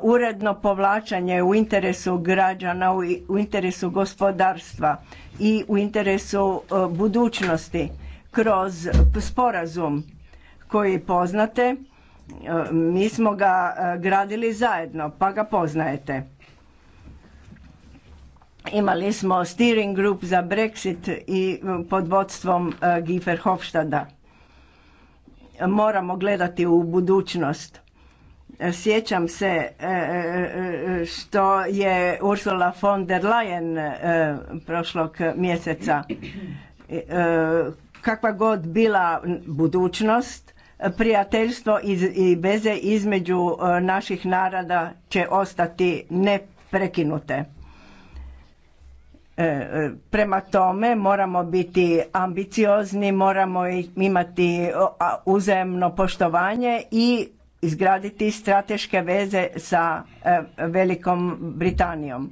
uredno povlačenje u interesu građana, u interesu gospodarstva i u interesu e, budućnosti kroz sporazum koji poznate. E, mi smo ga gradili zajedno, pa ga poznajete. Imali smo steering group za Brexit i pod vodstvom Giefer Hofstada moramo gledati u budućnost. Sjećam se e, e, e, što je Ursula von der Leyen prošlog mjeseca kakva god bila budućnost, prijateljstvo i veze između naših naroda će ostati neprekinute. E, e, prema tome moramo biti ambiciozni, moramo imati uzemno poštovanje i izgraditi strateške veze sa e, Velikom Britanijom.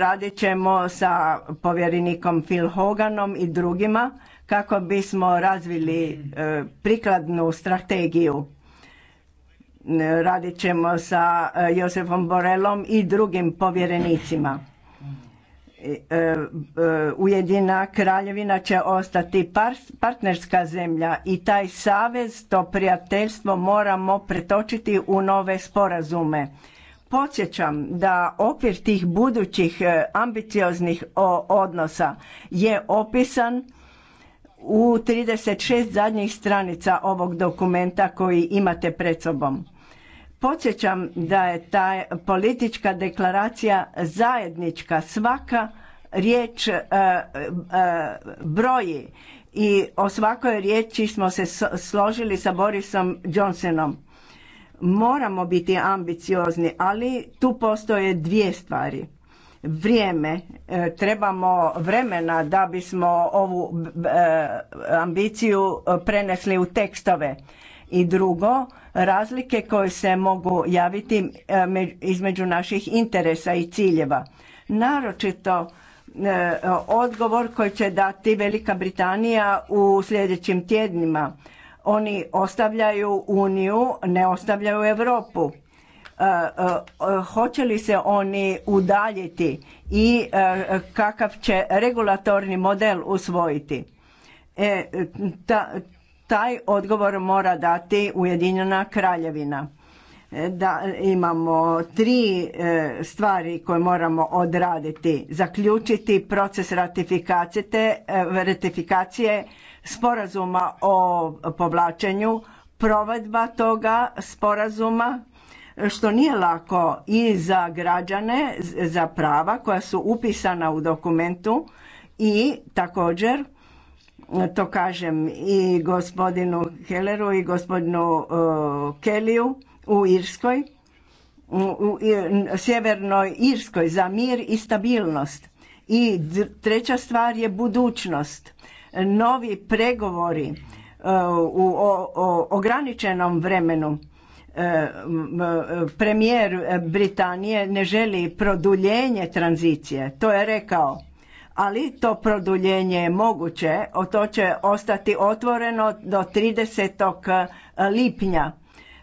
Radit ćemo sa povjerenikom Phil Hoganom i drugima kako bismo razvili prikladnu strategiju. Radit ćemo sa Josefom Borelom i drugim povjerenicima E, e, Ujedina kraljevina će ostati partnerska zemlja i taj savez, to prijateljstvo moramo pretočiti u nove sporazume. Podsjećam da okvir tih budućih e, ambicioznih odnosa je opisan u 36 zadnjih stranica ovog dokumenta koji imate pred sobom. Podsjećam da je ta politička deklaracija zajednička, svaka riječ e, e, broji i o svakoj riječi smo se složili sa Borisom Johnsonom. Moramo biti ambiciozni, ali tu postoje dvije stvari. Vrijeme, e, trebamo vremena da bismo ovu ambiciju prenesli u tekstove. I drugo, razlike koje se mogu javiti e, između naših interesa i ciljeva. Naročito e, odgovor koji će dati Velika Britanija u sljedećim tjednima. Oni ostavljaju Uniju, ne ostavljaju Europu. E, hoće li se oni udaljiti i kakav će regulatorni model usvojiti? E, ta, taj odgovor mora dati Ujedinjena kraljevina. E, da imamo tri e, stvari koje moramo odraditi. Zaključiti proces e, ratifikacije sporazuma o povlačenju, provedba toga sporazuma što nije lako i za građane, za prava koja su upisana u dokumentu i također to kažem i gospodinu Helleru i gospodinu e, Kellyu u Irskoj, u Sjevernoj Irskoj za mir i stabilnost. I treća stvar je budućnost. Novi pregovori e, u ograničenom vremenu e, premijer Britanije ne želi produljenje tranzicije. To je rekao ali to produljenje je moguće, to će ostati otvoreno do 30. E, lipnja.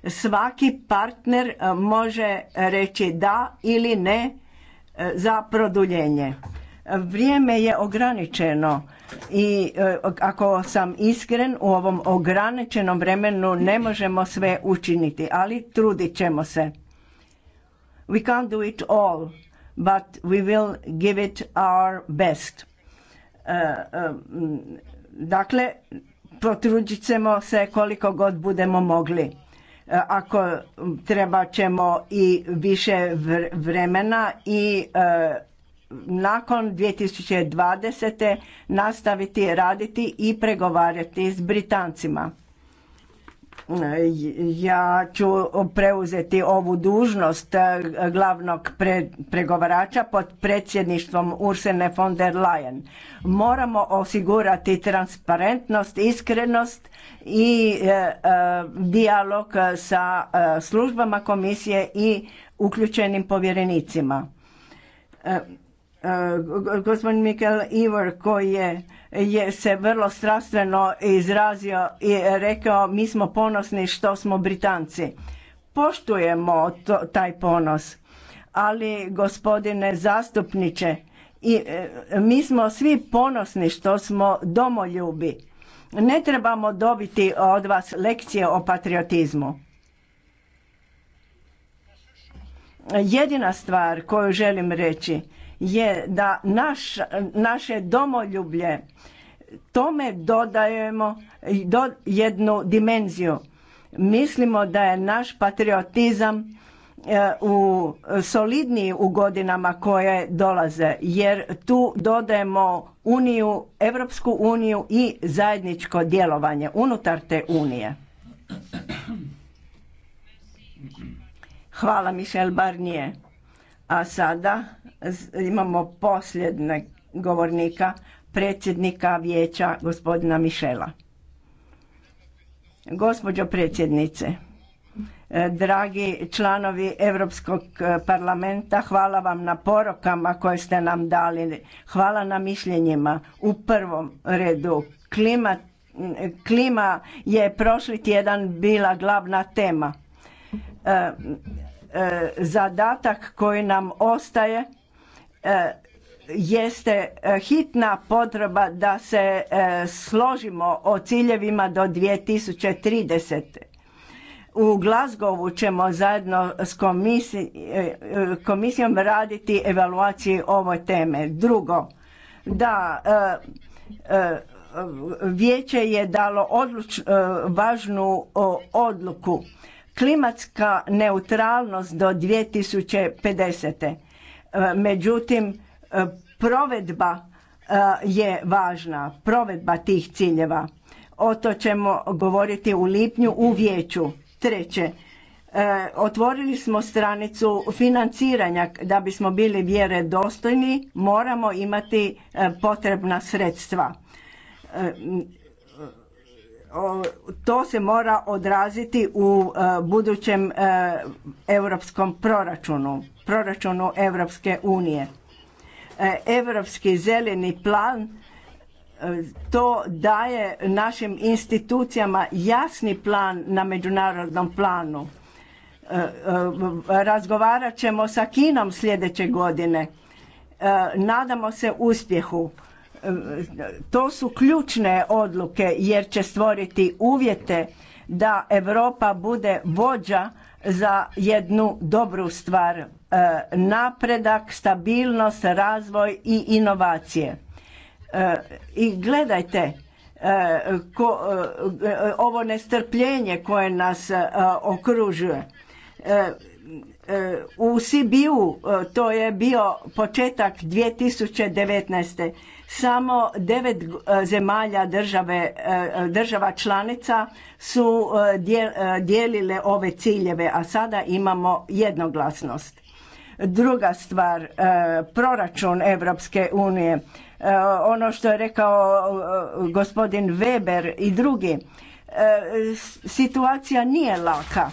Svaki partner e, može reći da ili ne e, za produljenje. Vrijeme je ograničeno i ako sam iskren u ovom ograničenom vremenu ne možemo sve učiniti, ali trudit ćemo se. We can't do it all but we will give it our best. Uh, um, dakle, potruđit ćemo se koliko god budemo mogli. Uh, ako treba ćemo i više vremena i uh, nakon 2020. nastaviti raditi i pregovarati s Britancima ja ću preuzeti ovu dužnost eh, glavnog pre, pregovarača pod predsjedništvom Ursene von der Leyen. Moramo osigurati transparentnost, iskrenost i eh, eh, dijalog sa službama komisije i uključenim povjerenicima. Eh, gospodin Mikel Ivor koji je, je se vrlo strastveno izrazio i rekao mi smo ponosni što smo Britanci. Poštujemo to, taj ponos, ali gospodine zastupniče, i, eh, mi smo svi ponosni što smo domoljubi. Ne trebamo dobiti od vas lekcije o patriotizmu. Jedina stvar koju želim reći je da naš, naše domoljublje tome dodajemo do jednu dimenziju. Mislimo da je naš patriotizam e, u solidniji u godinama koje dolaze jer tu dodajemo uniju, Europsku uniju i zajedničko djelovanje unutar te unije. Hvala Michel Barnije. A sada imamo posljednjeg govornika, predsjednika vijeća gospodina Mišela. Gospođo predsjednice, e, dragi članovi Europskog e, parlamenta, hvala vam na porokama koje ste nam dali, hvala na mišljenjima. U prvom redu klima, je prošli tjedan bila glavna tema. E, zadatak koji nam ostaje E, jeste e, hitna potreba da se e, složimo o ciljevima do 2030. U Glasgowu ćemo zajedno s komisijom raditi evaluaciju ove teme. Drugo, da vijeće je dalo važnu odluku. Klimatska neutralnost do 2050 E, međutim, e, provedba e, je važna, provedba tih ciljeva. O to ćemo govoriti u lipnju u vijeću. Treće, otvorili smo stranicu financiranja da bismo bili dostojni moramo imati potrebna sredstva. To se mora odraziti u budućem europskom proračunu proračunu Europske unije. Europski zeleni plan e, to daje našim institucijama jasni plan na međunarodnom planu. E, e, razgovarat ćemo sa Kinom sljedeće godine. Nadamo se uspjehu. To su ključne odluke jer će stvoriti uvjete da Europa bude vođa za jednu dobru stvar, e, napredak, stabilnost, razvoj i inovacije. E, I gledajte, e, ovo nestrpljenje koje nas okružuje u Sibiju e, to je bio početak 2019. Samo devet e, zemalja države, e, država članica su dijelile ove ciljeve, a sada imamo jednoglasnost. Druga stvar, proračun Europske unije. Ono što je rekao gospodin Weber i drugi, situacija nije laka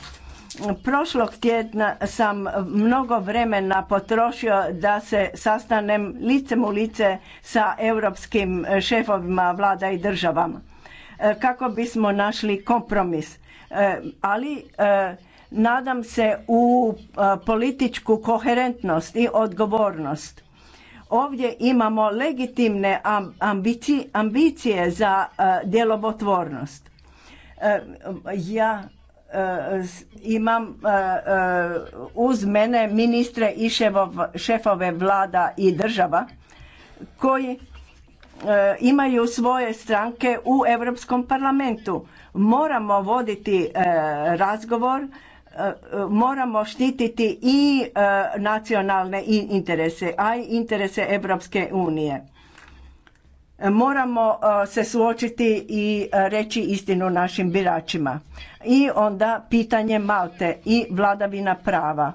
Prošlog tjedna sam mnogo vremena potrošio da se sastanem licem u lice sa europskim šefovima vlada i državama e, kako bismo našli kompromis. E, ali e, nadam se u političku koherentnost i odgovornost. Ovdje imamo legitimne ambicije za djelovotvornost. Ja Eh, imam eh, eh, uz mene ministre i šefove vlada i država koji imaju svoje stranke u Europskom parlamentu. Moramo voditi razgovor, moramo štititi i nacionalne interese, a i interese Europske unije moramo uh, se suočiti i uh, reći istinu našim biračima. I onda pitanje Malte i vladavina prava.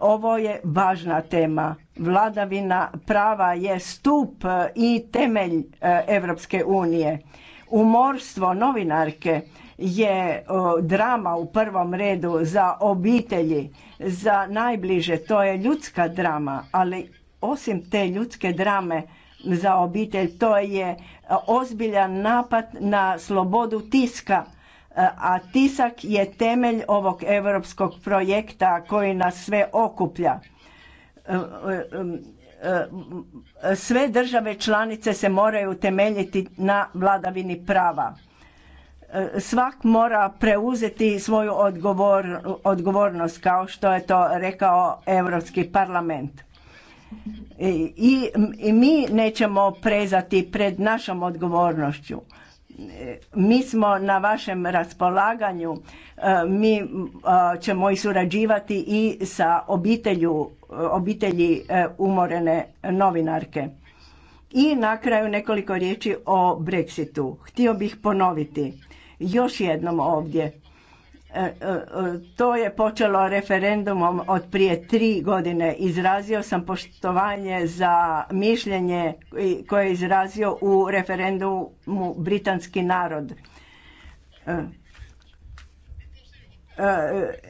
Ovo je važna tema. Vladavina prava je stup uh, i temelj Europske unije. Umorstvo novinarke je drama u prvom redu za obitelji, za najbliže. To je ljudska drama, ali osim te ljudske drame za obitelj. To je e, ozbiljan napad na slobodu tiska, e, a tisak je temelj ovog europskog projekta koji nas sve okuplja. E, sve države članice se moraju temeljiti na vladavini prava svak mora preuzeti svoju odgovor, odgovornost kao što je to rekao Europski parlament. I, i mi nećemo prezati pred našom odgovornošću e, mi smo na vašem raspolaganju, e, mi ćemo i surađivati i sa obitelju, obitelji e, umorene novinarke. I na kraju nekoliko riječi o Brexitu. Htio bih ponoviti još jednom ovdje. E, e, e, to je počelo referendumom od prije tri godine. Izrazio sam poštovanje za mišljenje koje je izrazio u referendumu britanski narod.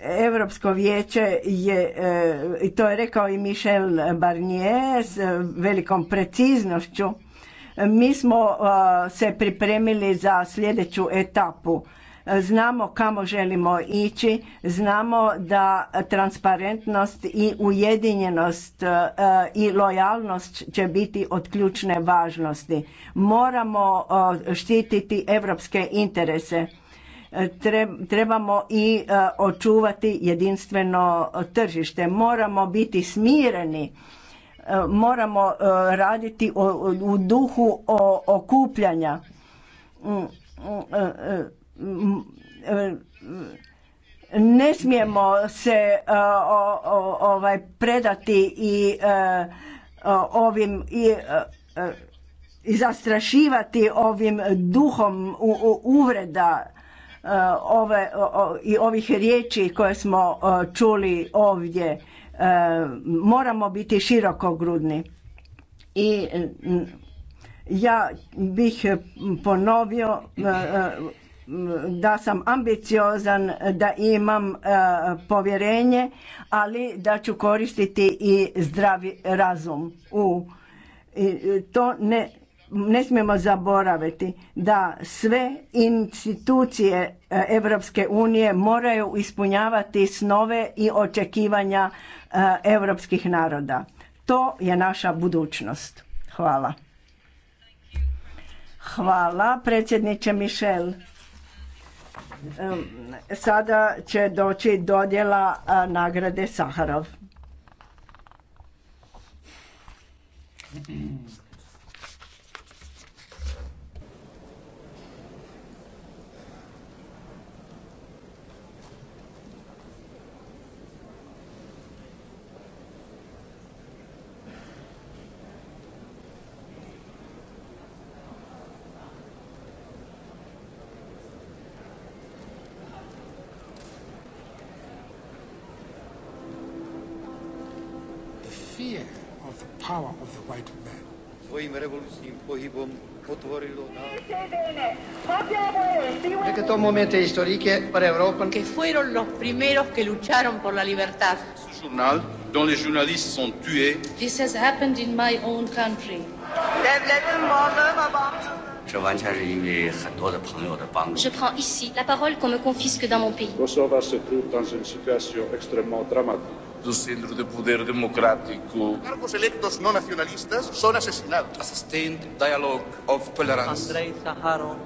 Europsko vijeće je, i to je rekao i Michel Barnier s velikom preciznošću, mi smo se pripremili za sljedeću etapu Znamo kamo želimo ići, znamo da transparentnost i ujedinjenost e, i lojalnost će biti od ključne važnosti. Moramo e, štititi evropske interese. E, trebamo i očuvati jedinstveno tržište. Moramo biti smireni moramo raditi u duhu okupljanja mm, mm, ne smijemo se ovaj predati i ovim i, zastrašivati ovim duhom uvreda ove i ovih riječi koje smo čuli ovdje moramo biti širokogrudni i ja bih ponovio da sam ambiciozan, da imam e, povjerenje, ali da ću koristiti i zdravi razum. U, to ne, smijemo zaboraviti da sve institucije Europske unije moraju ispunjavati snove i očekivanja europskih naroda. To je naša budućnost. Hvala. Hvala predsjedniče Mišel. Sada će doći dodjela nagrade Saharov. power of the white man. Svojim revolučnim pohibom otvorilo na... Estos momentos históricos para Europa. Que fueron los primeros que lucharon por la libertad. Ce journal, dont les journalistes sont tués. This has happened in my own country. Je prends ici la parole qu'on me confisque dans mon pays. Kosovo se trouve dans une situation extrêmement dramatique do Centro de Poder Democrático. Cargos electos no nacionalistas son asesinados. A sustained dialogue of tolerance. Andrei Saharov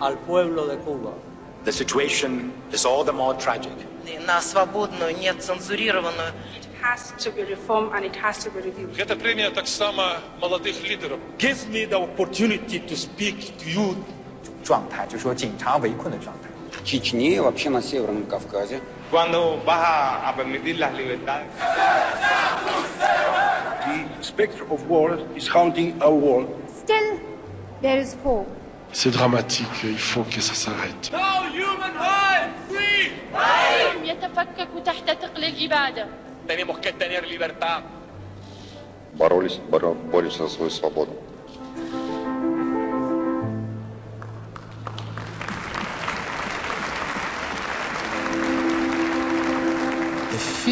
al pueblo de Cuba. The situation is all the more tragic. На свободную, нецензурированную. It has to be reformed and it has to be reviewed. Это премия так само молодых лидеров. Give me the opportunity to speak to you. 状态，就说警察围困的状态。Чечне, вообще на Северном Кавказе. Cuando vas a, permitir las libertades? The Spectre of war is haunting our world. Still, there is hope. C'est dramatique, il faut que ça s'arrête. No human life, que tener libertad.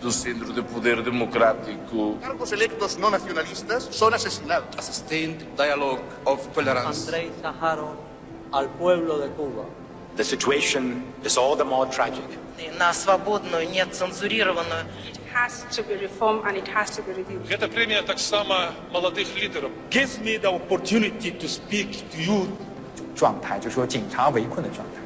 do Centro de Poder Democrático. Cargos electos não nacionalistas são asesinados. A sustained dialogue of tolerance. Andrei Saharov al pueblo de Cuba. The situation is all the more tragic. На свободную, не цензурированную. It has to be reformed and it has to be reviewed. Эта премия так само молодых лидеров. Gives me the opportunity to speak to you. 状态就说警察围困的状态。